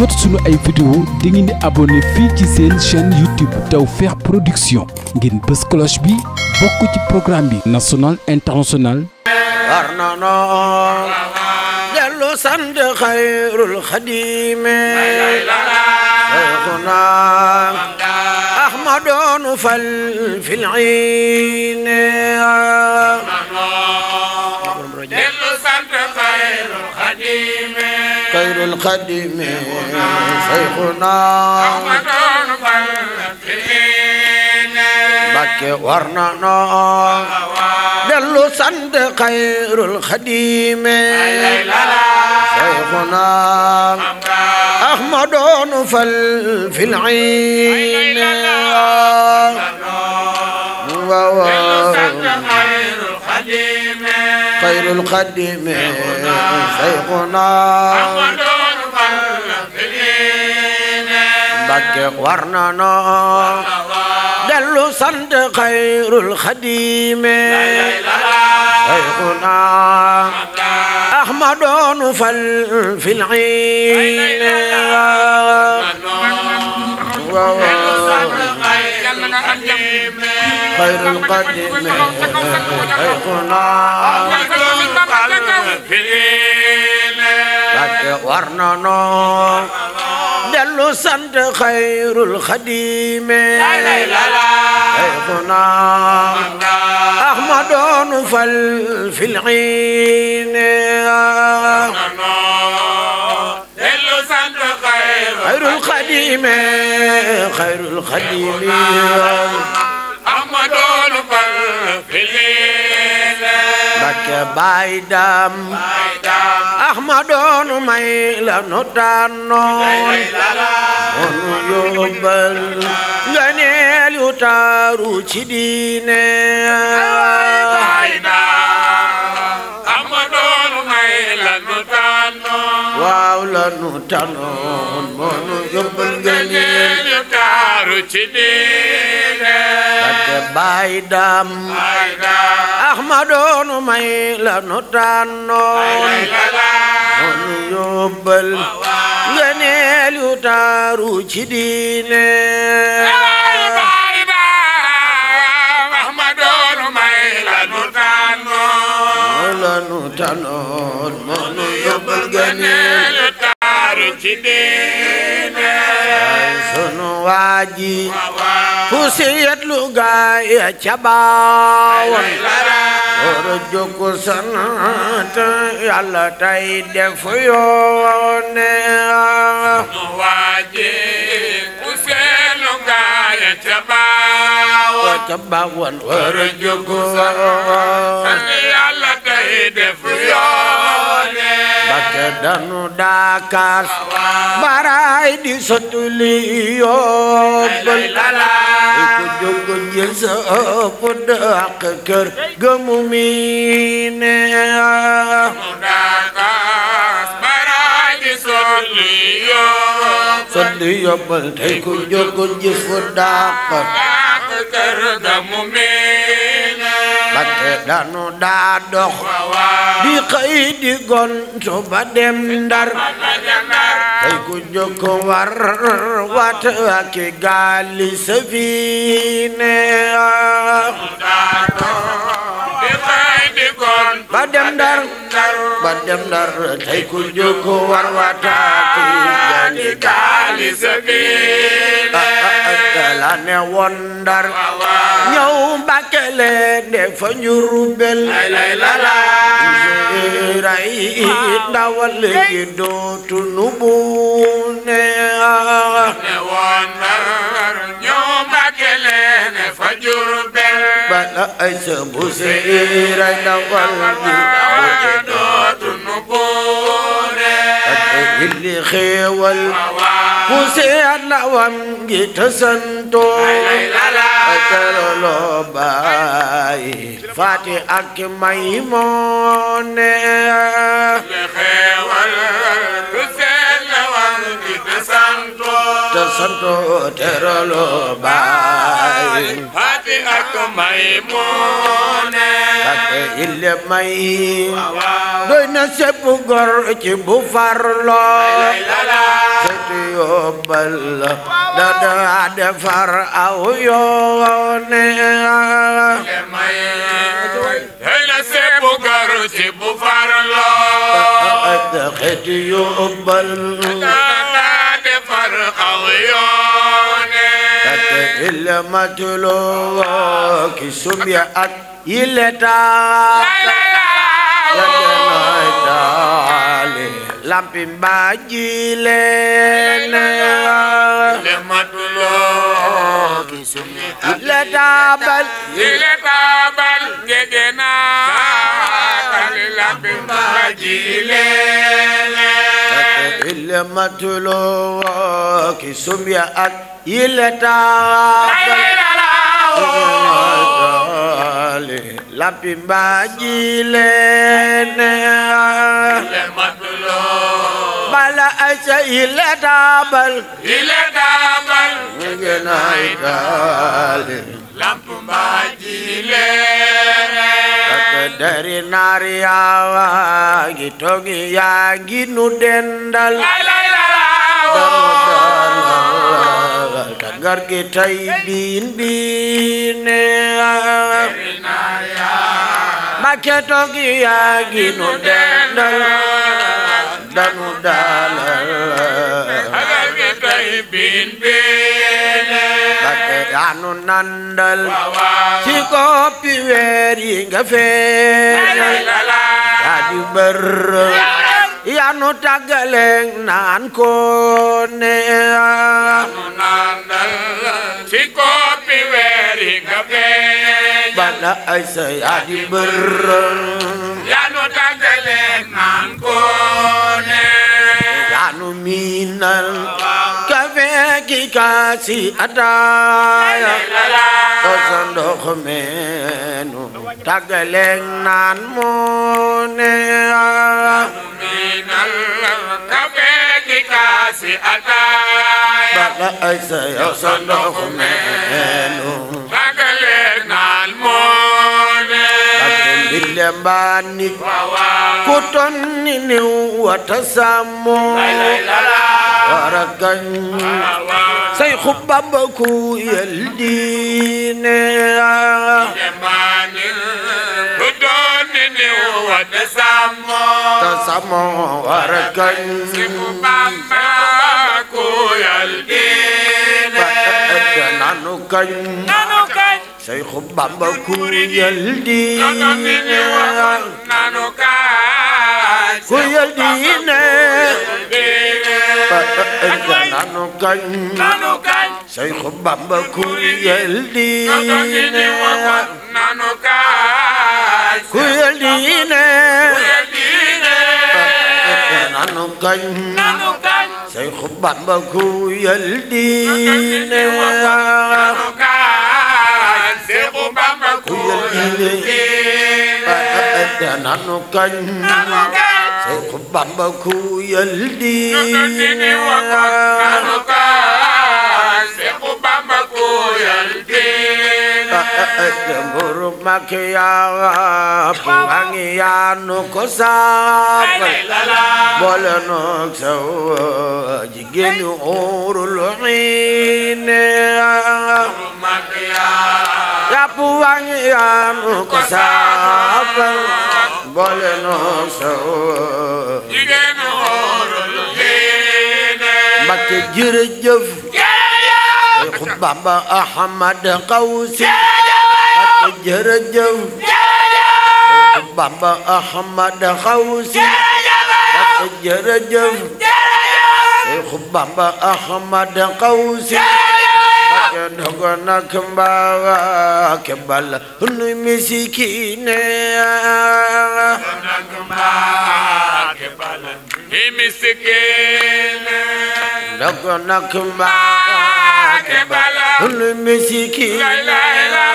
jot suñu ay vidéo da ngeen di abonné fii ci seen chaîne YouTube Tawfekh Production ngeen bës cloche bi bokk ci programme bi national international war na ahmadoonu fal fil iine خير الخدم شيخنا بك ورنا دلو سند خير الخديم شيخنا أحمد نفل في العين دلو سند خير خير القديم شيخنا Mbakke war na noo dellu sant xayrul xadime Seyxuna Ahmadoonu fal fil خير القديم قلنا القلبين ورننا دلو سنت خير الخديم لا لا لا أحمد نفل في العين خير الخديم خير الخديم ca baay daam ahmadoonu may la nu tànnoon onu yóbbal nganeel yu taaru ci diine waaw la nu tànnoon onu yóbbal nganeel ci diine baay dam ahmadoonu may nu may la nu tànnoon la nu tànnoon noonu taaru ci diine sunu waaji pusiyat lu gaaya cabaawan wara jokku sanat yàlla tay def yoone nu waaji pusiyat lu gaaya cabaawan cabaawan wara jokku sanat yàlla tay def yoone danu daakaas baray di sotuli yobbal jogo jësa ëpp dàq kër gëmu miine solli yombal tey ku jogo jëf dàq kër gëmu miine ak danu daa dox di xëy di gontu ba dem ndar kay ku jóg war wat ak gaali safiine ba dem ndar ba dem ndar kay ku jóg war wat ak gaali safiine ak la ne woon ndar ñëw Mbàkke leen de fa Njurbel ray ndawal léegi dootu nu bu ne woon ndar ñëw Mbàkke leen de fa bala ay sa bu se ray ndawal ngir li xéewal ku la wam ngi tësantoo tëraloo baay faati ak may moo ne santo terolo baay fati ak may moone ak ille may na sépp gor ci bu farloo sëtu yóbbal la dana defar aw yoone xëy na sépp gor ci bu farloo sëtu yóbbal dana defar aw yoone illa matuloo ki sumya ak yile taa lampin ba ji leen le matuloo kisumi le taabal le taabal ngege naa lampin ba ji leen le matuloo kisumi ak oh. le taabal lampin ba ji leen bala ayca ile daabal. ile daabal. ngege naay daale. lamp mbaa ji leen. ak dari naar yaa ngi toog yaa ngi nu dendal. lay oh. gar gi tay biin biine ma ke toog yaa ngi nu dendal. danu dalal aga bi tay bin bene bakke yaanu nandal ci koppi weer yi nga feeñe yaa di bër naan ko ci koppi weer yi nga feeñe bala ay bër دينا كفيك كاسي أتايا تصندوق منو تقلق نان مونيا كفيك كاسي أتايا بقى أيسا يصندوق منو lembaani ku tonni niw wata sammo waragan say xubbaba ku yel diine lembaani ku tonni niw wata sammo ta sammo waragan si xubbaba ku yel diine nanu kañ Seexu Bamba kuyal diine kuyal diine nanu kañ Seexu Bamba kuyal diine kuyal diine nanu kañ Seexu Bamba kuyal diine ku yal ilay da nanu kañ Seex ku yal di nanu kañ Seex Bamba ku yal di Jamburu makiya Pulangi yanu ko saafal Boole noog saw jigéen ñu óorul xiine yàpp waa ngi yaam ko saafal boole noo sawar jigéen xoolu diine Mbakke jërëjëf Seexu Bamba Ahmad Xawsi Mbakke jërëjëf Seexu Bamba Ahmad Xawsi Mbakke jërëjëf Seexu Bamba Ahmad Xawsi dogona kembawa kembala hunu misikine dogona kembawa kembala imisikine dogona kembawa kembala hunu misikine la la la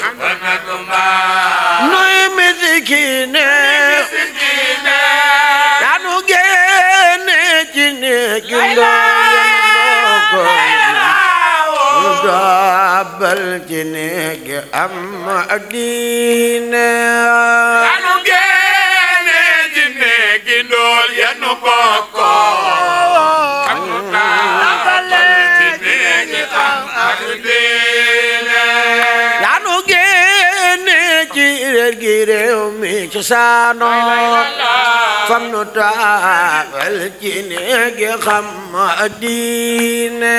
dogona kembawa no imisikine imisikine danu gene jine ginda yanoko doobal ci néeg am ak diine ya nu génne ci néegi ndool ya nu bokkoon am nu doobal ci néeg am ak diine ya nu génne ci réer gi réew mi ci saanoo fam nu taabal ci néegi xam diine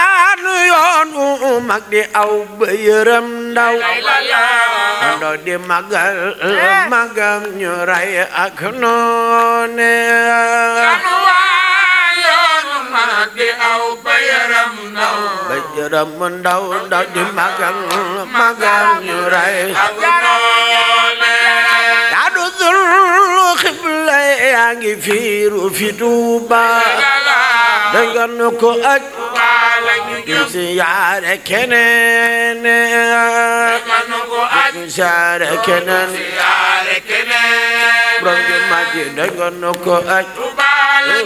yoon wu mag di aw ba yërëm ndaw ando di magal eh. magam ñu ray ak noone di aw ba yaram ndaw ba yaram ndaw ndaw di magal magal ñu ray daadu dul xibla yaa ngi fiiru fi Tuuba danga nu ko aj siyaare keneen manu ko aj siyaare keneen borom ju mag ji danganu ko aj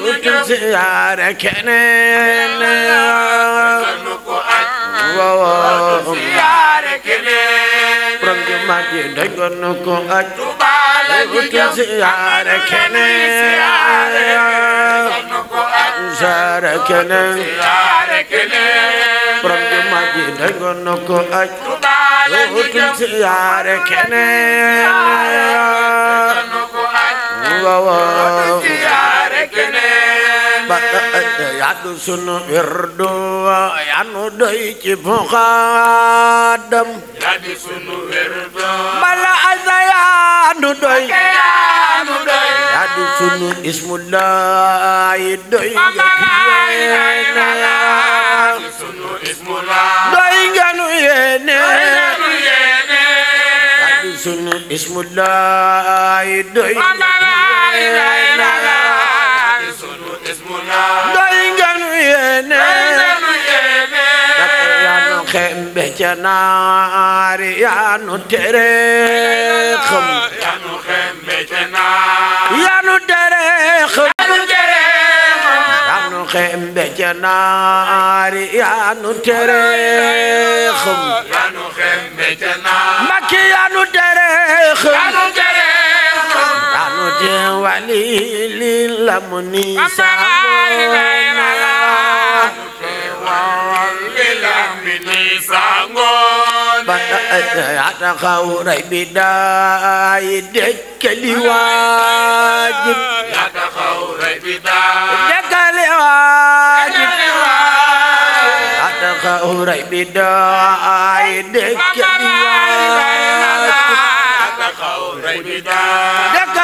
utum siyaare keneen manu ko aj waaw siyaare keneen maji deggono ko aj tubaale bu ca siyaare keneen siyaare keneen borom ju maji deggono ko aj tubaale bu ca siyaare keneen waaw waaw ba yàddu sunu wirdu yanu doy ci muqaddam yàddu sunu wirdu bala asa yanu doy yàddu sunu ismullahi doy nga nu yéene yàddu sunu ismullahi doy doy nganu yéene dak yaanu xembe ca naari yaanu tere xam yaanu xembe ca naari yaanu tere xam yaanu xembe ca naari yaanu tere xam yaanu xembe ca naari mbakki yaanu tere xam خليل لمني بدأت خوري بداي دك لواجب يا خوري بداي دك لواجب خوري بداي دك لواجب خوري بداي دك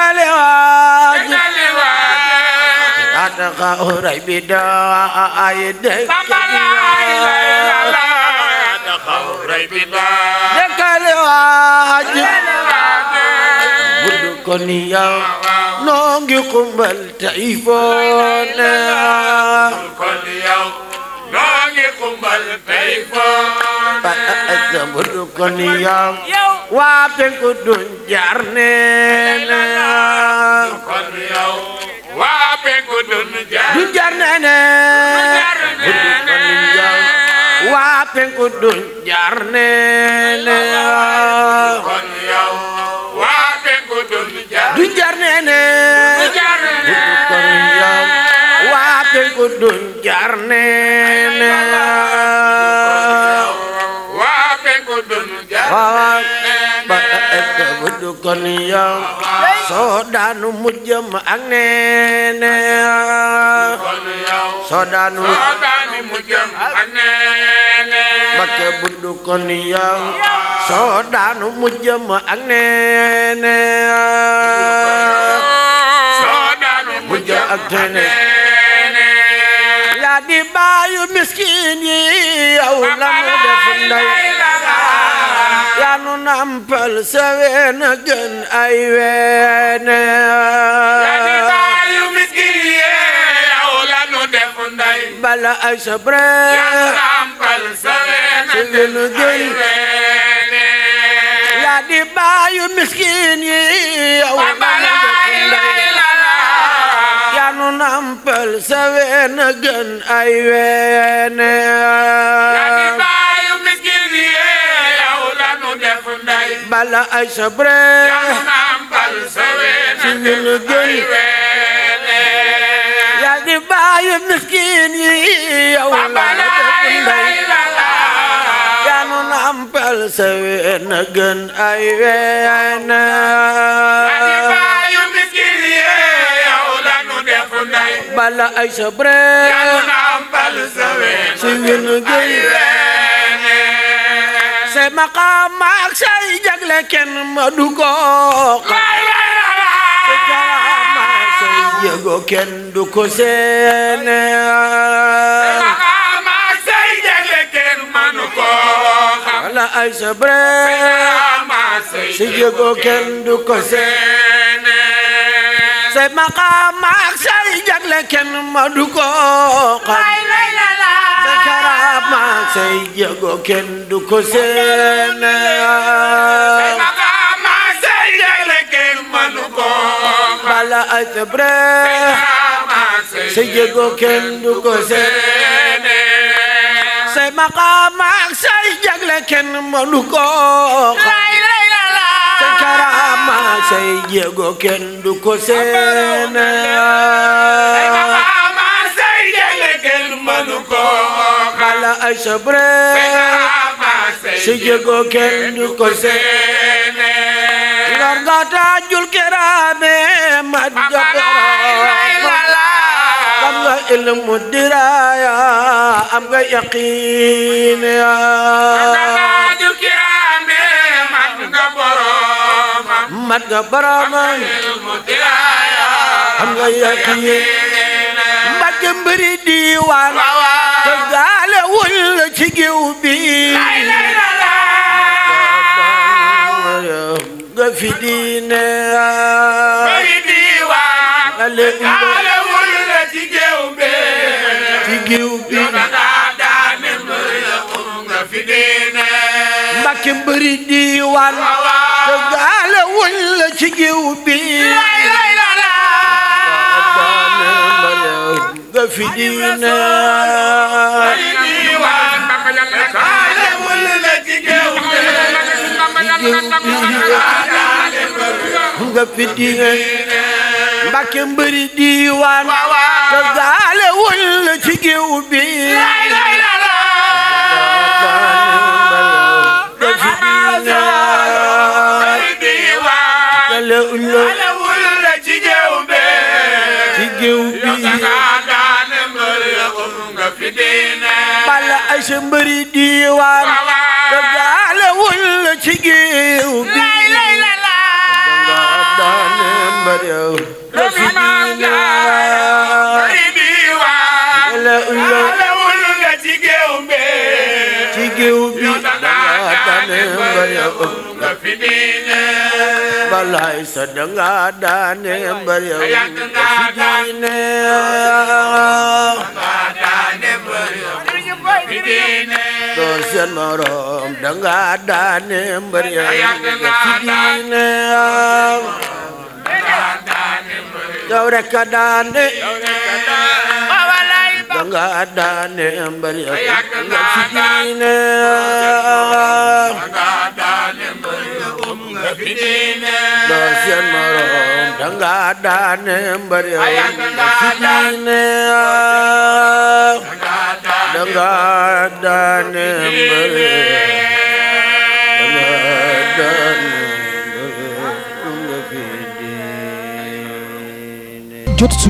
xawray bi daay dëkkal waaj budu ko ni yow noo ngi xumbal tey foone paasa budu ko ni yow waa penku duñ jaar nee na waa penku dun jaar dun jaar nene waa penku dun jaar nene kon yow waa penku dun jaar dun jaar nene kon yow waa penku dun jaar nene ko ni yow ak neene soo daanu ak neene bakke di baayu miskin yi yow la mu def yaa nu nampal sa ween a gën ay weene yu miskin yee yow la nu def nday bala ay sabre yaa nu nampal sa ween a gën ay weene yaa di baayu miskin yi yow la nu def nday yaa nu nampal sa ween a gën ay weene yàlla ay sabre si ñu ñu gën yaa di bàyyi miskin yi yow la la def ndey yaa nu nampal sa ween na gën ay ween bala ay sabre si ñu ñu gën se maqaam ak jagle kenn ma du ko yego kenn du ko seene ma sey jagle kenn ma du ko wala ay sabre ma sey yego kenn du ko seene say maqaam ak say jagle kenn ma du ko xam ma say jéego kenn du ko seen say jéego say jéego kenn du ko seen say maqaam say jagle kenn du ko seen ay sabre si jéego kenn du ko seene ngar nga taajul kiraame mat jabara am nga ilmu diraya am nga yaqin ya taajul kiraame mat nga boroma mat nga boroma ilmu diraya am nga yaqin mbàkke mbiri diwaan teewul la ci géew bi lay lay la laa nga fi la ci géew bi ci géew bi yoonadaa daane mbër ya um nga fi diine mbàkke la ci la laa nga fi diine mbàkke mbëri diiwaan te gaale wul la ci géew bi bala ay sa mbëri diiwaan te gaale wul la ci géew bi kiw bi danga tane mbaya ëpp nga fi diine balay sa danga daane mbaya ëpp nga fi diine doo seen morom danga daane mbaya ëpp nga fi diine yow rek a daane nga daane mbal ya nga fi diine danga daane mbal ya nga fi diine danga daane mbal ya nga daane